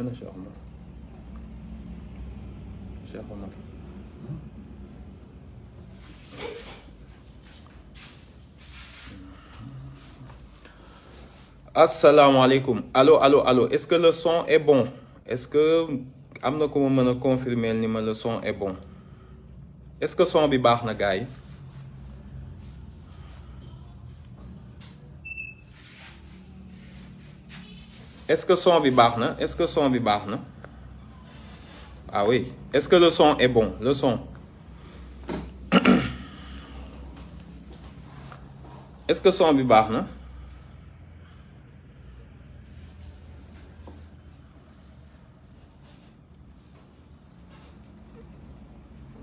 انا Assalamu alaikum. Allo, allo, allo Est-ce que le son est bon? Est-ce que amna ko confirmer ni le son est bon? Est-ce que le son est bon est-ce que son bi est-ce que son bi ah oui est-ce que le son est bon le son est-ce que son bi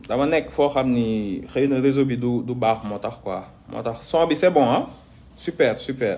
D'abord, na dama nekk foo de réseau du du baax quoi moo son bi c'est bon hein? super super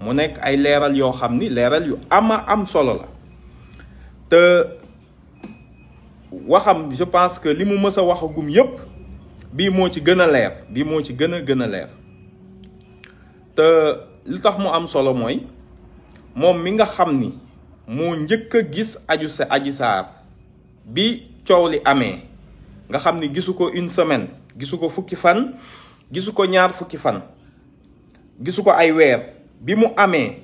mu nek ay leral yo xamni leral yu ama am solo la te waxam je pense que limu meusa mës a waxagum yépp bii moo ci gëna leer bi mo ci gëna gëna leer te li tax mu am solo moy mom mi nga xamni mo moo gis aju sa aji sar bi ciowli amé nga xamni gisuko une semaine gisuko fukki fan gisuko ñaar fukki fan gisuko ay wèr bi mu amee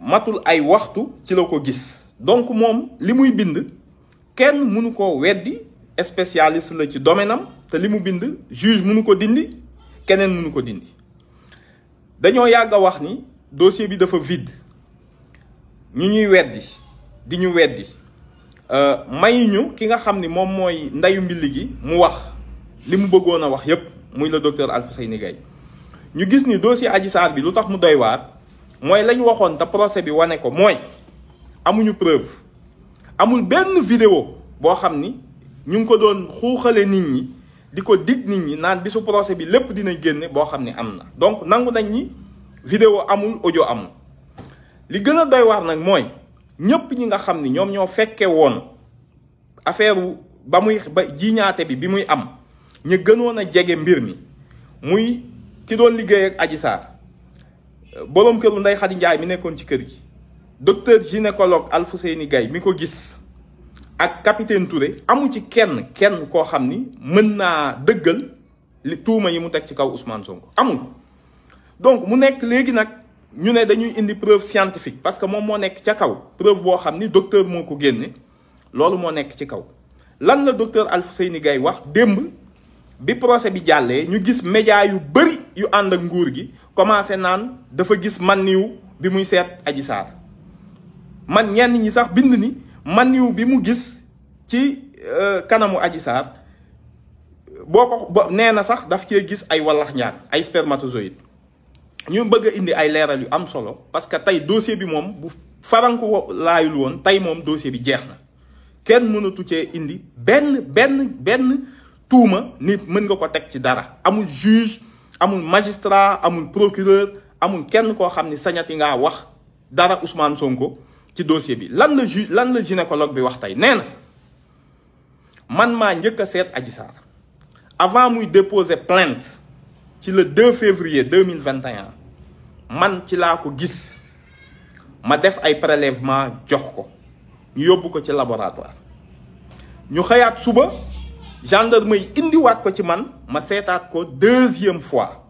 matul ay waxtu ci la ko gis donc moom li muy bind kenn mënu ko weddi spécialiste la ci domaine am te li mu bind juge munu ko dindi keneen munu ko dindi dañoo yàgg a wax ni dossier bi dafa vide ñu ñuy weddi di ñu weddi euh, may ñu ki nga xam ni moom mooy ndeyu mbilli gi mu wax li mu bëggoon a wax yépp muy le docteur Alfousseyni Gaye ñu gis ni dossier Adji Sarr bi lu tax mu doy waar mooy lañ waxoon te procès bi wane ko mooy amuñu preuve amul benn vidéo boo xam ni ñu ngi ko doon xuuxale nit ñi di ko dig nit ñi naan bisu procès bi lépp dina génne boo xam ni am na donc nangu nañ ñi vidéo amul ojo amul li gën a doy nag mooy ñépp ñi nga xam ni ñoom ñoo fekkee woon affaire ba muy ba jiñaate bi bi muy am ñu gënoon a jege mbir mi muy ki doon liggéey ak Adji Sarr boroom këru Ndeye Khady Ndiaye mi nekkoon ci kër gi docteur gynécologue Alfousseyni gay mi ko gis ak capitaine Touré amu ci kenn kenn koo xam ni mën naa dëggal li tuuma yi mu teg ci kaw Ousmane Sonko amul donc mu nekk léegi nag ñu ne dañuy indi preuve scientifique parce que moom moo nekk ca kaw preuve boo xam ni docteur moo ko génne loolu moo nekk ci kaw lan la docteur Alfousseyni Gaye wax démb bi procès bi jallé ñu gis média yu bari yu and ak nguur gi commencé nan dafa gis man niou bi muy sét aji sar man ñenn ñi sax bind ni man niou bi mu gis ci euh, kanamu aji sar boko néna sax daf ci gis ay walax ñaar ay spermatozoïde ñu bëgg indi ay léral yu am solo parce que tay dossier bi mom bu faranku laayul won tay mom dossier bi jeex na kenn tu ci indi ben ben ben. Tout nit mën nga ko teg ci dara amul juge amul magistrat amul procureur amul kenn koo xam ni sañati ngaa wax dara Ousmane Sonko ci dossier bi lan la ju lan la gynécologue bi wax tey nee man ma njëkk a seet avant muy déposer plainte ci le 2 février 2021 man ci l'a ko gis ma def ay prélèvement jox ko ñu yobbu ko ci laboratoire ñu xëyaat suba gendarme indiwaat ko ci man ma seetaat ko deuxième fois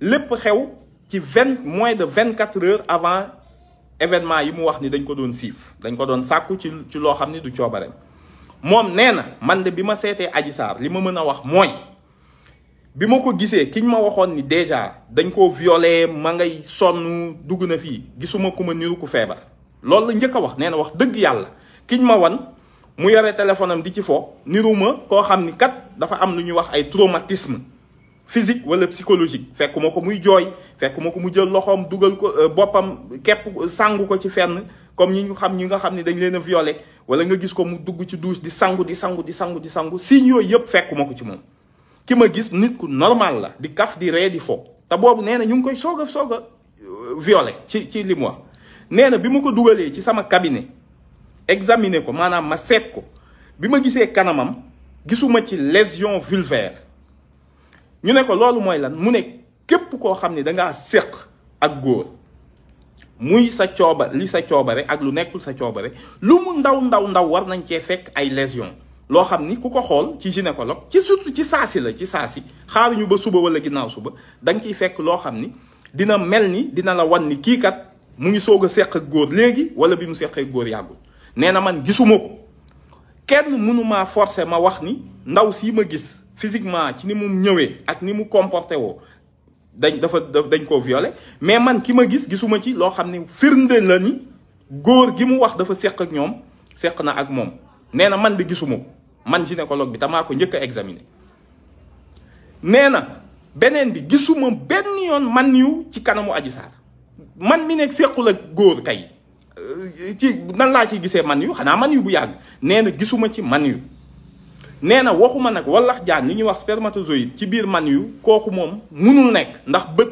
lépp xew ci vingt moins de vingt quatre heures avant événement yi mu wax ni dañ ko doon siif dañ ko doon sàkku ci ci loo xam ni du coobareem moom nee na man de bi ma seetee Adji Sarr li ma mën a wax mooy bi ma ko gisee kiñ ma waxoon ni déjà dañ ko violé ma ngay sonn dugg na fii gisuma ku ma niru ku feebar loolu la njëkk a wax nee na wax dëgg yàlla kiñ ma wan mu yore téléphone am di ci fo niruma koo xam ni kat dafa am lu ñuy wax ay traumatisme physique wala psychologique fekkuma ko muy jooy fekkuma ko mu jël loxoom dugal ko euh, boppam képp sangu ko ci fenn comme ñi ñu xam ñi nga xam ne dañ leen a violé wala nga gis ko mu dugg ci douche di sangu di sangu di sangu di sangu signes yooyu yëpp fekk ma ko ci moom ki ma gis nit ku normal la di kaf di ree di fo te boobu nee na ñu ngi koy soog a soog a euh, violé ci ci li nee na bi ma ko dugalee ci sama cabinet examiner ko maanaam ma seet ko bi ma gisee kanamam gisuma ci lésion vulvaire ñu ne ko loolu mooy lan mu ne képp koo xam ne dangaa séq ak góor muy sa cooba li sa coobare ak lu nekkul sa coobare lu mu ndaw ndaw ndaw war nañ cee fekk ay lésion loo xam ni ku ko xool ci gynécologue ci surtout ci saa si la ci saa si xaaruñu ba suba wala ginnaaw suba danga ciy fekk loo xam ni dina mel ni dina la wan ni kii kat mu ngi soog a seq ak góor léegi wala bi mu seqee góor yàggul nee na man gisumoko kenn munuma forcer ma wax ni ndaw si ma gis physiquement ci ni mu ñëwé ak ni mu comporté wo dañ dafa dañ ko violé mais man ki ma gis gisuma ci lo xamni firnde la ni góor gi mu wax dafa seq ak ñom seq na ak mom nee man de gisumoko man gynécologue bi tamaa ko ñëk examiner nee benen bi gisuma ben yon man yu ci kanamu aji man mi nek sequl ak kay ci nan laa ciy gisee man yu xanaa man yu bu yàgg nee na gisuma ci man yu nee na waxuma nag wallax jaan li ñuy wax spermatozoïde ci biir man yu kooku moom munul nekk ndax bët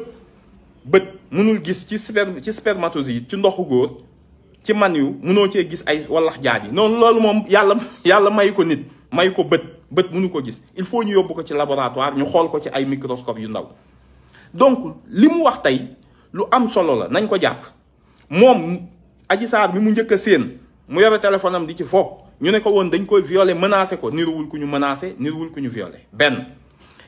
bët munul gis ci sper ci spermatozoïde ci ndoxu góor ci man yu munoo cee gis ay wallax jaan yi noonu loolu moom yàlla yàlla may ko nit may ko bët bët munu ko gis il faut ñu yóbbu ko ci laboratoire ñu xool ko ci ay microscope yu ndaw donc li mu wax tey lu am solo la nañ ko jàpp moom Adji Sarr bi mu njëkk séen mu yore téléphone am di ci fo ñu ne ko woon dañ koy violé menacé ko niruwul ku ñu menacé niruwul ku ñu violé benn.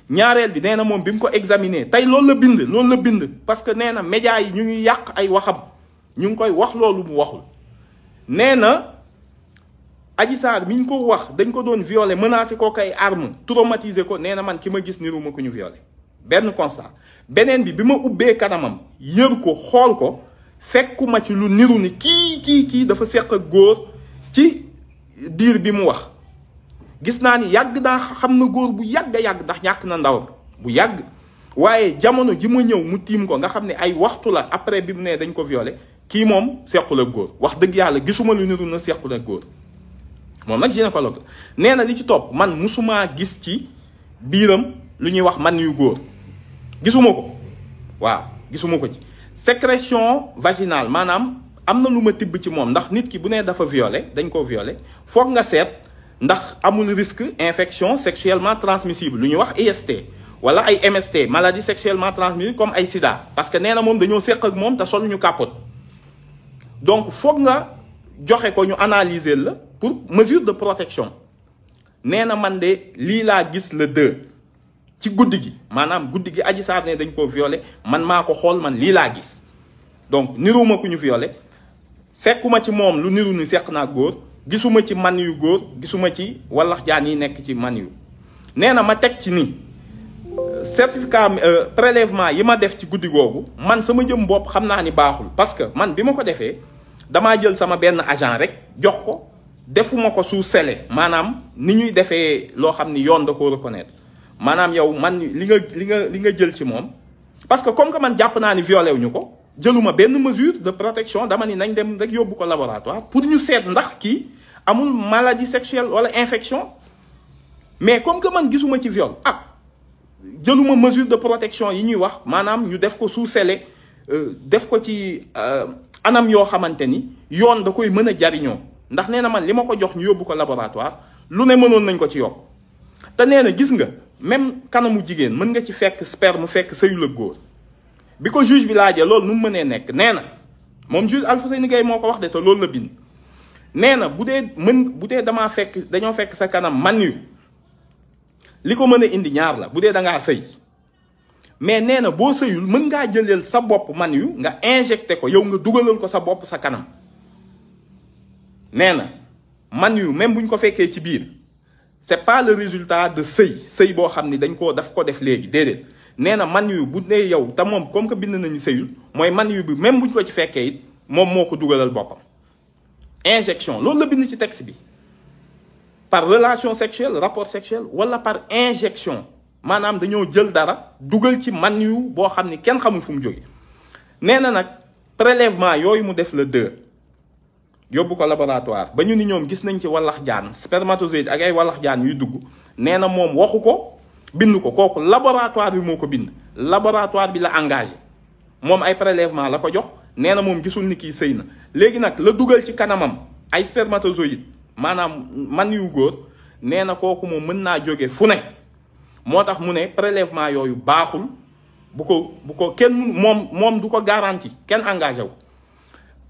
ñaareel bi nee na moom bi mu ko examiner tey loolu la bind loolu la bind parce que nee na médias yi ñu ngi yàq ay waxam ñu ngi koy wax loolu waxul nee na. Adji Sarr mi ñu ko wax dañ ko doon violé menacé ko kay arme traumatisé ko nee na man ki ma gis niru ma ko ñu violé benn constat beneen bi bi ma ubbee kanamam yër ko xool ko fekkuma ci lu niru ni kii kii kii dafa seq ak góor ci diir bi mu wax gis naa ni yàgg daa xam na góor bu yàgg yàgg ndax ñàkk na ndawam bu yàgg waaye jamono ji ma ñëw mu tiim ko nga xam ne ay waxtu la après bi mu nee dañ ko violé kii moom sequl ak góor wax dëgg yàlla gisuma lu niru na sequl ak góor moom nag gynécologue la nee na li ci topp man musumaa gis ci biiram lu ñuy wax man yu góor gisuma ko waaw gisuma ko ci sécrétion vaginale manam amna luma lu ci mom ndax nit ki bu nee dafa violé dañ ko risque infection sexuellement transmissible Nous wax IST wala ay MST maladie sexuellement transmissible comme ay sida parce que nous mom des sék qui ak mom ta ñu donc foog nga joxé ko ñu analyser la pour mesure de protection Nous avons man lila lii gis le 2 ci Madame, gi maanaam gi aji ne dañ violé man mako man donc niruma ku ñu fekkuma ci mom lu niru ni gisuma ci man yu gisuma ci walax jaan yi ci man yu ma ci ni certificat euh, prélèvement yi ma def ci goudi gogou man sama jëm bop xamna ni baxul parce que man bima ko dama jël sama ben agent rek jox ko sous scellé ni ñuy lo da reconnaître manam yow man li nga li nga parce que comme que man violé wuñu ko jëluma mesure de protection dama ni nañ dem rek laboratoire pour ñu ndax maladie sexuelle wala infection mais comme que man gisuma ci viol ah jëluma mesure de protection yi ñuy wax manam ñu def ko euh, euh, anam da koy laboratoire lu ne ko ci même kanamu jigéen mën nga ci fekk sperme fekk sëyu la góor bi ko juge bi laajee loolu nu mu mënee nekk nee na moom juge Alfousseyni Gaye moo ko wax de te loolu la bind nee na bu dee mën bu dee damaa fekk dañoo fekk sa kanam man yu li ko mën a indi ñaar la bu dee da ngaa sëy mais nee na boo sëyul mën ngaa jëleel sa bopp man yu nga injecté ko yow nga dugalal ko sa bopp sa kanam nee na man yu même buñ ko fekkee ci biir n'est pas le résultat de Sey. Sey, bo le dañ ko daf ko def légui bu yow comme que bind nañu Seyul moy man bi même buñ ko ci féké it mom moko dougalal injection la bind ci texte par relation sexuelle rapport sexuel wala par injection Manam dañoo jël dara dougal ci man yu kenn fu mu prélèvement mu def le deux yóbbu ko laboratoire ba ñu ni ñoom gis nañ ci wallax jaan spermatozoïde ak ay wallax jaan yuy dugg nee na moom waxu ko bind ko kooku laboratoire bi moo ko bind laboratoire bi la engage moom ay prélèvement la ko jox nee na moom gisul ni kii sëy na léegi nag la dugal ci kanamam ay spermatozoïde maanaam man yu góor nee na kooku moom mën naa jóge fu ne moo tax mu ne prélèvement yooyu baaxul bu ko bu ko kenn moom moom du ko garanti kenn engagé wu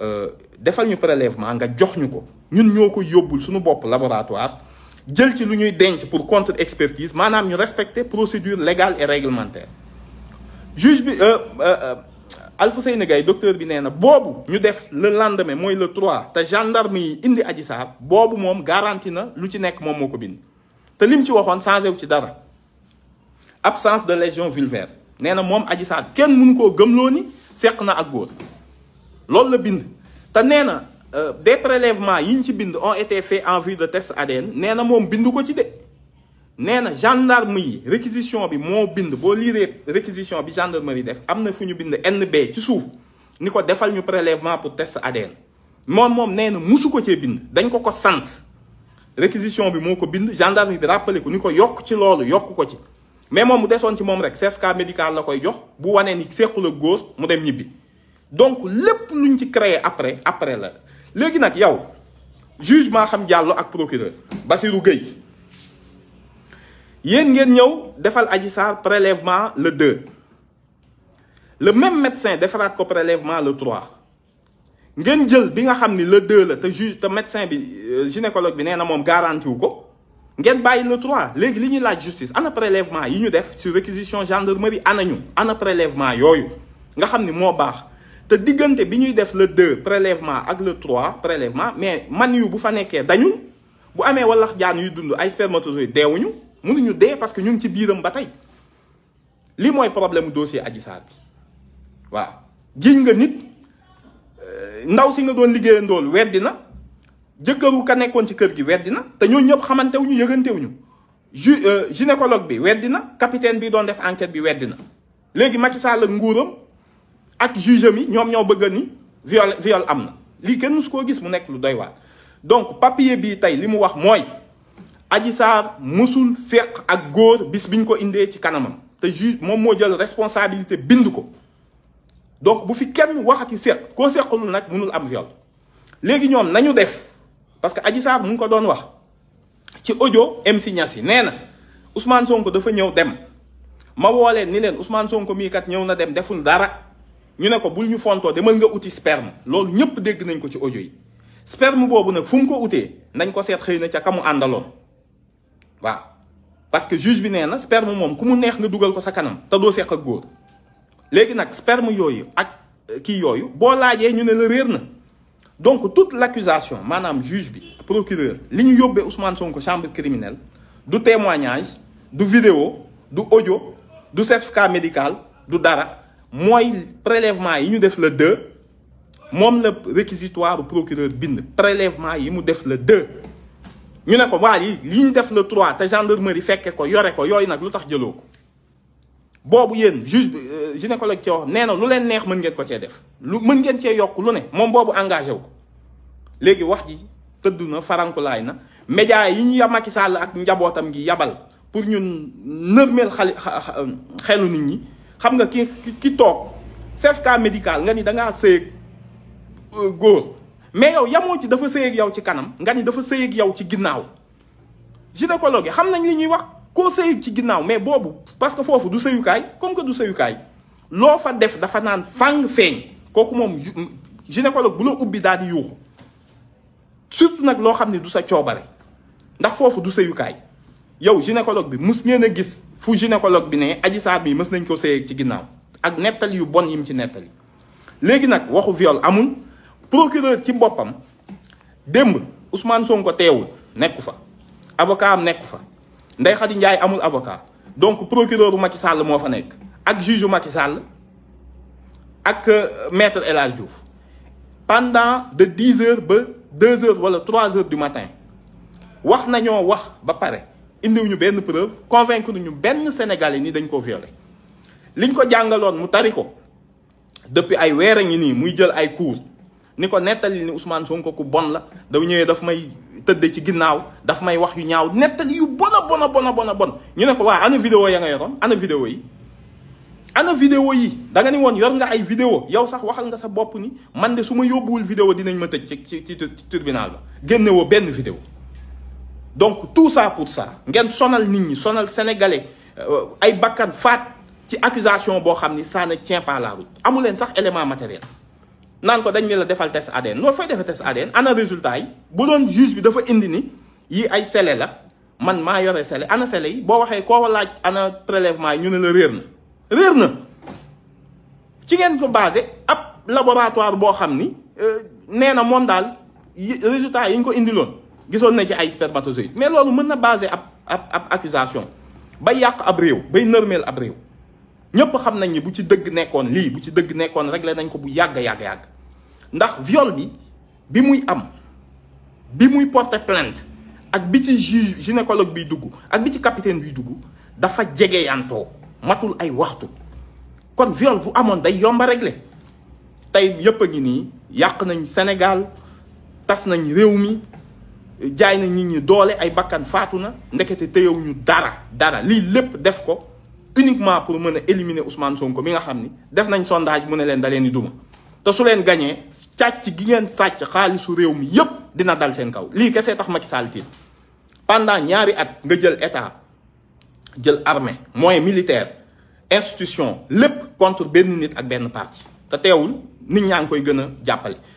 Euh, defal ñu prélèvement nga jox ñuko ñun ñoko yobul suñu laboratoire jël ci lu ñuy denc pour contre expertise manam ñu respecter procédure légale et réglementaire juge bi euh, euh, docteur bi bobu le lendemain le 3 Ta gendarme yi indi Bobu na lu ci nek mom moko bind te lim ci changé ci dara absence de lésion vulvaire nee mom moom kenn mënu dit ni ak loolu la bind te nee na euh, des prélèvements yi ñu ci bind ont été faits en vue de test ADN nee na moom bind ko ci de nee na gendarme yi réquisition bi moo bind boo liiree réquisition bi gendarmerie def am na fu ñu bind NB ci suuf ni ko defal ñu prélèvement pour test ADN moom moom nee na musu ko cee bind dañ ko ko sant réquisition bi moo ko bind gendarme bi rappelé ko ni ko yokk ci loolu yokk ko ci mais moom mu desoon ci moom rek certificat médical la koy jox bu wanee ni séqul góor mu dem ñibbi donc lepp luñ ci créer après après la légui nak yow juge xam Diallo ak procureur Bassirou Gueye yeen ngeen ñew defal Adji Sarr prélèvement le 2 le même médecin defaraat ko prélèvement le 3 ngeen jël bi nga xamni le 2 la te juge te médecin bi euh, gynécologue bi néna mom moom garanti wu ko ngeen bàyyi le 3 légui li ñuy laaj justice ana prélèvement yi ñu def sur réquisition gendarmerie ana ñu ana prélèvement yoyu nga xamni mo moo baax te diggante biñuy def le 2 prélèvement ak le 3 prélèvement mais man yu bu fa nekkee dañu bu amé wallax jaan yu dund ay spermatozoïde deewuñu mënuñu dé parce que ñu ci biiram batay li moy problème dossier Adji Sall wa waaw jiñ nga nit euh, ndaw si nga doon liggéey ndol na jëkkëru ka nekkon ci kër gi weddi na te ñooñu ñëpp xamanté wuñu yëgante wuñu euh, gynécologue bi weddi capitaine bi doon def enquête bi weddi légui Macky Sall ak nguuram ak juge mi ñoom ñoo bëgg ni viol viol am na lii kenn su koo gis mu nekk lu doy waar donc papier bii tey li mu wax mooy Adji Sarr musul séq ak góor bis biñ ko indee ci kanamam te juge moom moo jël responsabilité bind ko donc bu fi kenn waxati séq koo séqalul nag mënul am viol léegi ñoom nañu def parce que Adji Sarr mu ngi ko doon wax ci audio MC Niass yi nee na Ousmane Sonko dafa ñëw dem ma woo leen ni leen Ousmane Sonko mii kat ñëw na dem deful dara ñu ne ko bul ñu fontoo demal nga outil sperme loolu ñëpp dégg nañ ko ci audio yi sperme boobu nag fu mu ko utee nañ ko seet xëy na ca kamu àndaloon waaw parce que juge bi nee na sperme moom ku mu neex nga dugal ko sa kanam te doo seq ak góor léegi nag sperme yooyu ak euh, kii yooyu boo laajee ñu ne la réer na donc toute l'accusation maanaam juge bi procureur li ñu yóbbee Ousmane Sonko chambre criminelle du témoignage du vidéo du audio du certificat médical du dara mooy prélèvement yi ñu def le 2 moom la réquisitoire procureur bind prélèvement yi mu def la 2 ñu ne ko waa yi li ñu def le 3 te gendarmerie fekke ko yore ko yooyu nag lu tax jëloo ko boobu yéen juge euh, gynécologue ci wax nee na lu leen neex mën ngeen ko cee def lu mën ngeen cee yokk lu ne moom boobu engagé wu ko léegi wax ji tëddu na farankulaay na média yi ñu Macky Sall ak njabootam ngi yabal pour ñun nërmeel xali xelu nit ñi xam nga ki ki toog certificat médical nga ni dangaa ngaa sëyeeg euh, góor mais yow yamoo ci dafa sëyeeg yow ci kanam nga ni dafa sëyeeg yow ci ginnaaw gynécologue yi xam nañ li ñuy wax koo sëyeeg ci ginnaaw mais boobu parce que foofu du sëyukaay comme que du sëyukaay loo fa def dafa naan fang feeñ kooku moom gynécologue bu la ubbi daal di yuuxu surtout nag loo xam ne du sa coobare ndax foofu du sëyukaay yow gynécologue bi mus ngeen a gis fu gynécologue bi ne Adji Sarr bi mës nañ ko seeyeg ci ginnaaw ak nettali yu bon yi mu ci nettali léegi nag waxu viol amul procureur ci boppam démb Ousmane ko teewul nekku fa avocat am nekku fa Ndeye Khady Ndiaye amul avocat donc procureur Macky sàll moo fa nekk ak juge Macky sàll ak euh, maître El Hadj Diouf pendant de dix heures ba deux heures wala trois heures du matin wax nañoo wax ba pare wuñu benn preuve convaincre nuñu benn sénégalais ni dañ ko violer liñ ko jangalon mu tariko depuis ay wéra ngi ni muy jël ay cours ni ko nettali ni Ousmane Sonko ku bon la daw ñëwé daf may tëdd ci ginnaw daf may wax yu ñaaw nettali yu bon a bon a bon bon bon ñu ne ko wa ana vidéo ya nga yoroon ana vidéo yi ana vidéo yi da nga ni won yor nga ay vidéo yow sax waxal nga sa bop ni man de suma yobul vidéo dinañ ma tecc ci ci tribunal ba génné wo benn vidéo donc tout ça pour ça ngeen sonal nit sonal sénégalais euh, ay fat, faat ci accusation bo xam ça ne tient pas la route amu leen sax élément matériel Nan ko dañ ni la defal test ADN No fay defal test ADN ana résultat yi bu doon juge bi dafa indi ni yi ay sele la man ma yoré sele ana sele yi bo waxé ko laaj ana prélèvement yi ñu ne la réer na ci ngeen ko basé ab laboratoire bo xam ni euh, nee na moom résultat yi ñu ko indiloon gisoon nañ ci ay spermatozoïde mais loolu mën na basé ab ab ab accusation ba yàq ab réew bay nërmeel ab réew ñépp xam nañ ni bu ci dëgg nekkoon lii bu ci dëgg nekkoon réglé nañ ko bu yàgg yàgg yàgg ndax viole bi bi muy am bi muy porter plainte ak bi ci juge gynécologue biy dugg ak bi ci capitaine biy dugg dafa jegeyantoo matul ay waxtu kon viole bu amoon day yomba réglé tey yépp a ngi nii yàq nañ Sénégal tas nañ réew mi jaay na nit ñi doole ay bakkan faatu na ndekete téyewu ñu dara dara lii lépp def ko uniquement pour mën a éliminer Ousmane Sonko mi nga xam ni def nañ sondage mu ne leen da leen di duma te su leen gañee càcc gi ngeen sàcc xaalisu réew mi yépp dina dal seen kaw lii kese tax Macky Sall tiit pendant ñaari at nga jël état jël armée moyen militaire institution lépp contre benn nit ak benn parti te teewul nit ñaa ngi koy gën a jàppale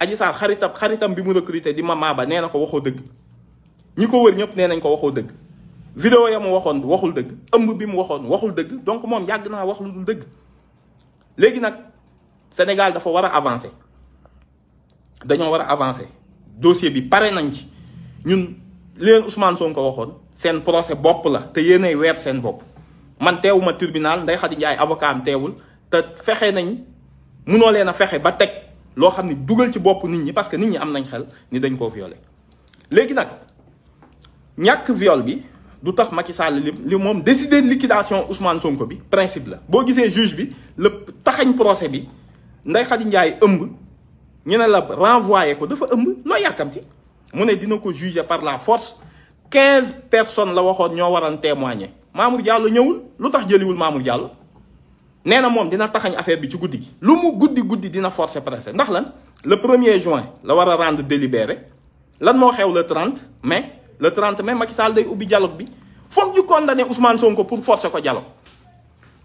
Adji Sarr xaritam xaritam bi mu recruté di Mama Ba nee na ko waxoo dëgg ñi ko wër ñëpp nee nañ ko waxoo dëgg vidéo ya mu waxoon waxul dëgg ëmb bi mu waxoon waxul dëgg donc moom yàgg naa wax lu dul dëgg léegi nag Sénégal dafa war a avancer dañoo war a avancer dossier bi pare nañ ci ñun leen Ousmane ko waxoon seen procès bopp la te yéenay weer seen bopp man teewuma tribunal Ndeye Khady Ndiaye avocat am teewul te fexe nañ munoo leen a fexe ba teg. lo xamni ne ci bop nit ñi parce que nit ñi am nañ xel ni dañ ko violé légui nak ñàkk viol bi du tax Macky Sall li li moom décider liquidation Ousmane Sonko bi principe la bo gisee juge bi le taxagne procès bi nday Khady Ndiaye ëmb ñu ne la renvoyer ko dafa ëmb loo yàkkamti mu ne dina ko juger par la force 15 personnes la waxoon ño waran témoigner Mamour Diallo ñewul lu tax jëliwul Mamour Diallo nee mom dina taxagne affaire bi ci goudi gi lu mu goudi guddi dina forcer presse ndax lan le 1er juin la wara rendre délibéré lan mo xew le 30 mai le 30 mai Macky Sall day ubbi dialogue bi foog ñu condamner Ousmane Sonko pour forcer ko dialogue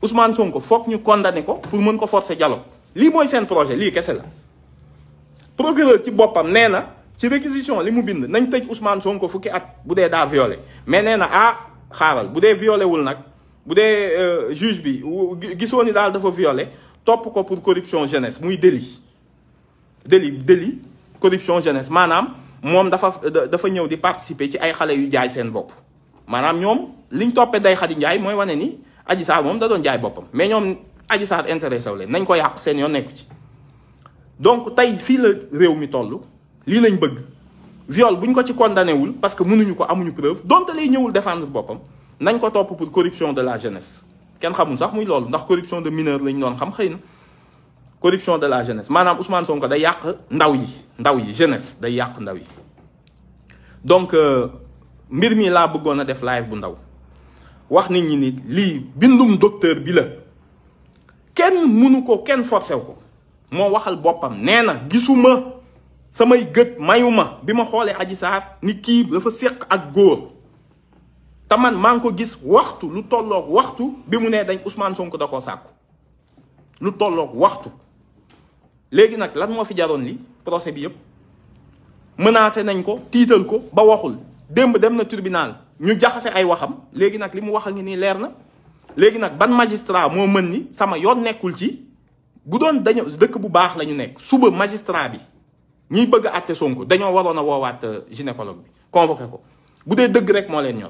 Ousmane Sonko foog ñu condamner ko pour mën ko forcer dialogue li moy sen projet li kese la procureur ci bopam nee ci réquisition li mu bind nañ tej Ousmane Sonko fukki at bu da violer mais nee ah xaaral bu violer wul nak bu dee euh, juge bi gisoo dal daal dafa violer top ko pour corruption jeunesse muy délit délit délit corruption jeunesse manam mom dafa dafa ñew di participer ci ay xalé yu jaay seen bop. Manam ñom liñ topé day xadi ñay moy wané ni Adji Sarr mom da doon jaay bopam mais ñom Adji Sarr intéressé wu leen nañ ko yàq seen yoon nekku ci donc tay fi le réew mi tollu li lañ bëgg viol buñ ko ci condamné wul parce que mënuñu ko amuñu preuve donte lay ñewul défendre bopam nañ ko topp pour corruption de la jeunesse kenn xamul sax muy loolu ndax corruption de mineur lañ doon xam xëy na corruption de la jeunesse maanaam Ousmane Sonko day yàq ndaw yi ndaw yi jeunesse day yàq ndaw yi donc euh, mbir mii laa bëggoon a def live bu ndaw wax nit ñi nit lii bindum docteur bi la kenn mënu ko kenn forcé ko moo waxal boppam nee na gisuma samay gët mayuma bi ma xoolee Adji Sarr ni kii dafa séq ak góor ta man maa ko gis waxtu lu tolloog waxtu bi mu ne dañ Ousmane Sonko da koo sàkku lu tolloog waxtu léegi nak lan mo fi jaron li procès bi yeb menacé nañ ko titel ko ba waxul demb dem na tribunal ñu jaxase ay waxam legi nak limu mu wax a ngi ban magistrat mo meun ni sama yon nekul ci bu doon dañu dekk bu baax lañu nek suba magistrat bi ñi bëgg atté àtte Sonko dañoo waroon euh, gynécologue bi convoquer ko bu dee dëgg rek mo leen ñor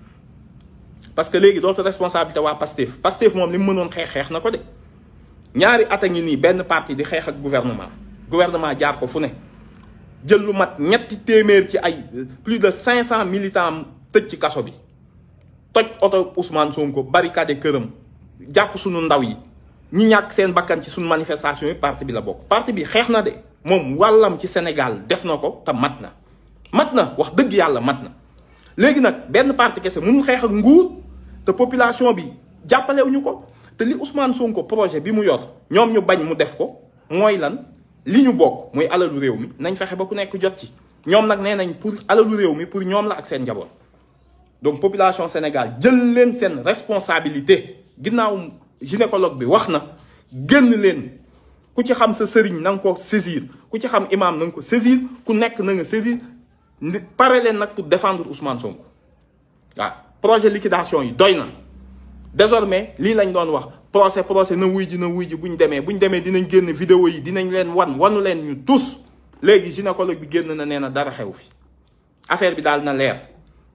parce que léegi dootu responsabilité waa Pastef Pastef moom li mu mënoon xeex xeex na ko de ñaari at a ngi nii benn parti di xeex ak gouvernement gouvernement jaar ko fu ne jël lu mat ñetti téeméer ci ay plus de cinq cent militants tëj ci kaso bi toj oto Ousmane Sonko barricade këram jàpp suñu ndaw yi ñi ñàkk seen bakkan ci suñu manifestation yi parti bi la bokk. parti bi xeex na de moom wàllam ci Sénégal def na ko te mat na mat na wax dëgg yàlla mat na. léegi nag benn parti kese mënul xeex ak nguur te population bi jàppalewuñu ko te li Ousmane Sonko projet bi mu yor ñoom ñu bañ mu def ko mooy lan li ñu bokk muy alalu réew mi nañ fexe ba ku nekk jot ci ñoom nag nee nañ pour alalu réew mi pour ñoom la ak seen njaboot donc population Sénégal jël leen seen responsabilité ginnaaw gynécologue bi wax na génn leen ku ci xam sa sëriñ na nga ko saisir ku ci xam imaam na ko saisir ku nekk na nga saisir Pare len ak pou defandout Ousmane Sonko. Proje likidasyon yi doy nan. Dezorme, li lan yi don wak. Prose, prose, nan wouji, nan wouji, bou yi deme, bou yi deme, dinen genne videoyi, dinen yi len wan, wan ou len yi, tous, legi, jina kolok bi genne nan ena darakhe ou fi. Afer bi dal nan lèr.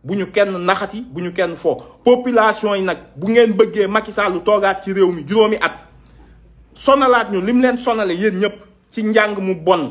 Bou yi ken nan nakati, bou yi ken nan fo. Populasyon yi nak, bou yi en begge, makisa lou, toga atire ou mi, jino mi at. Son alat yi, li men son alet yi nyop, ti njang mou bon,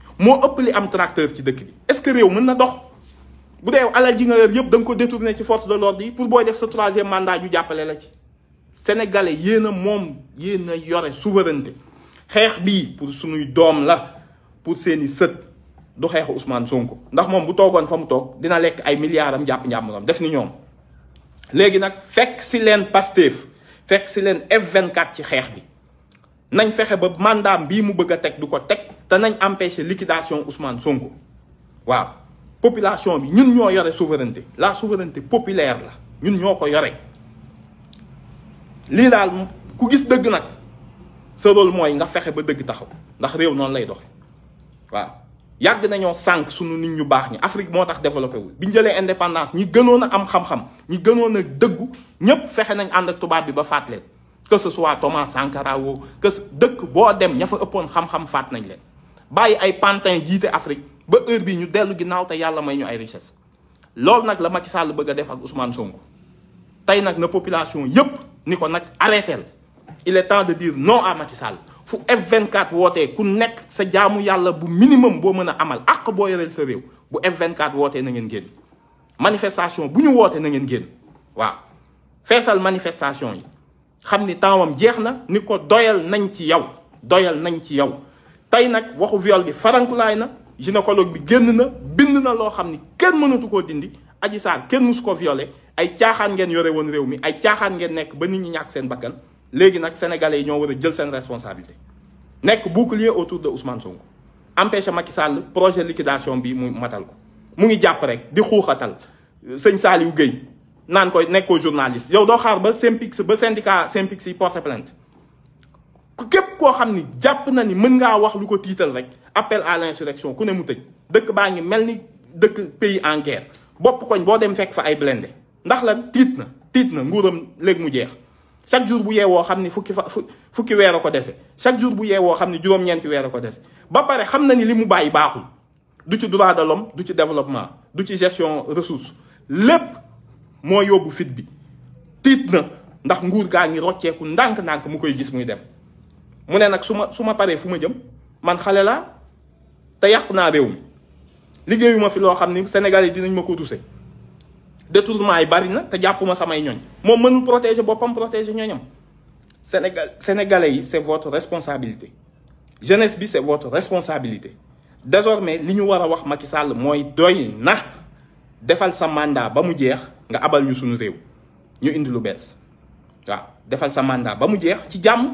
moo ëpp li am tracteur ci dëkk bi est-ce que réew mën na dox bu dee alal ji nga yor yëpp da nga ko détourné ci force de l'ordre yi pour booy def sa troisième mandat ñu jàppale la ci sénégalais yéen a moom yéen a yore souveraineté xeex bi pour suñuy doom la pour seeni sët du xeexu Ousmane Sonko ndax moom bu toogoon fa mu toog dina lekk ay milliards am jàpp njàmburam def ni ñoom léegi nag fekk si leen Pastef fekk si leen F24 ci xeex bi nañ fexe ba mandat bii mu bëgg a teg du ko teg danañ empêcher liquidation Ousmane Sonko waaw population bi ñun ñoo yore souveraineté la souveraineté populaire la ñun ñoo ko yore lii daal ku gis dëgg nag sa mooy nga fexe ba dëgg taxaw ndax réew noonu lay doxe waaw yàgg nañoo sànq sunu nit ñu baax ñi Afrique moo tax développé wul bi ñu jëlee indépendance ñi gënoon a am xam-xam ñi gënoon a dëggu ñëpp fexe nañ ànd ak tubaab bi ba faat leen que ce soit Thomas Sankara woo que dëkk boo dem ña fa ëppoon xam nañ leen. bàyyi ay pantin jiite Afrique ba heure bi ñu dellu ginnaaw te yàlla may ñu ay richesse loolu nag la Macky Sall bëgg a def ak Ousmane Sonko tey nag na population yépp ni ko nag arrêté il est temps de dire non à Macky Sall fu F24 wootee ku nekk sa jaamu yàlla bu minimum boo mën a amal ak boo yoreel sa réew bu F24 wootee na ngeen génn manifestation bu ñu wootee na ngeen génn waa feesal manifestation yi xam ni temps am jeex na ni ko doyal nañ ci yow doyal nañ ci yow. tey nag waxu viol bi farankulaay na gynécologue bi génn na bind na loo xam ni kenn mënatu koo dindi Adji Sarr kenn musu ko violé ay caaxaan ngeen yore woon réew mi ay caaxaan ngeen nekk ba nit ñi ñàkk seen bakkan léegi nag sénégalais yi ñoo war a jël seen responsabilité nekk bouclier autour de Ousmane Sonko empêché Macky Sall projet liquidation bi mu matal ko mu ngi jàpp rek di xuuxatal sëñ Saliou Guèye naan koy nekkoo journaliste yow doo xaar ba SYNPICS ba syndicat SYNPICS yi porte plainte képp koo xam ni jàpp na ni mën ngaa wax lu ko tiital rek appel à l'insurrection ku ne mu tëj dëkk baa ngi mel ni dëkk pays en guerre bopp koñ boo dem fekk fa ay blindé ndax la tiit na tiit na nguuram léegi mu jeex chaque jour bu yee woo xam ni fukki fa fukki weer a ko dese chaque jour bu yeewoo xam ni juróom-ñeenti weer a ko dese ba pare xam na ni li mu bàyyi baaxul du ci droit de l'homme du ci développement du ci gestion ressource lépp moo yóbbu fit bi tiit na ndax nguur gaa ngi rocceeku ndànk-ndànk mu koy gis muy dem mu ne nak suma suma paré fuma jëm man xalé la te yàqu rewum ligéyuma fi lo xamni ni Sénégal yi dinañ mako ko touché détournement yi bari na te jàppuma samay ñooñ moom mënul protéger bopam protéger ñooñam Sénégal sénégalais yi c'est votre responsabilité jeunesse bi c'est votre responsabilité désormais liñu wara a wax Macky Sall mooy doy na défal sa mandat ba mu jeex nga abal ñu suñu rew ñu indi lu bess wa défal sa mandat ba mu jeex ci jamm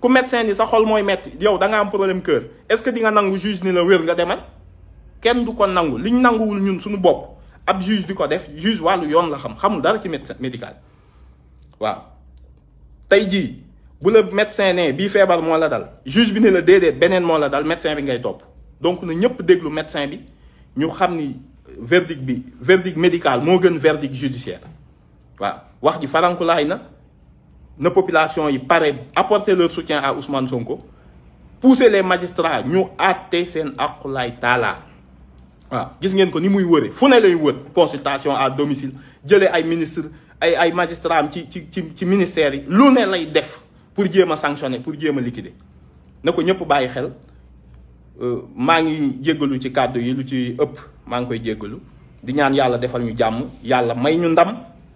ku médecin ni sa xol moy metti yow da nga am problème cœur est-ce que di nga nangu juge ni la wér nga demal kenn du ko nangu liñ nanguwul ñun suñu bop ab juge diko def juge walu yoon la xam xam dara ci médecin médical waaw tay ji bu le médecin né bi feebar mo la dal juge bi ne la dédé benen mo la dal médecin bi ngay top donc na ñëpp déglu médecin bi ñu xam ni verdict bi verdict médical mo gën verdict judiciaire waaw wax ji farankulaay na nos population yi pare apporter leur soutien à Ousmane Sonko pousser les magistrats ñu àtte seen aqulay taala waaw gis ngeen ko ni muy wëre fune lay wër consultation à domicile jëlee ay ministre ay ay magistrats ci ci ci ministère, yi lu né lay def pour djéma sanctionner pour djéma liquider Nako ñëpp bayi xel euh, ma ngi djéggelu ci cadeau yi lu ci ëpp ma ngi koy djéggelu, di ñaan Yalla défal ñu jamm, Yalla may ñu ndam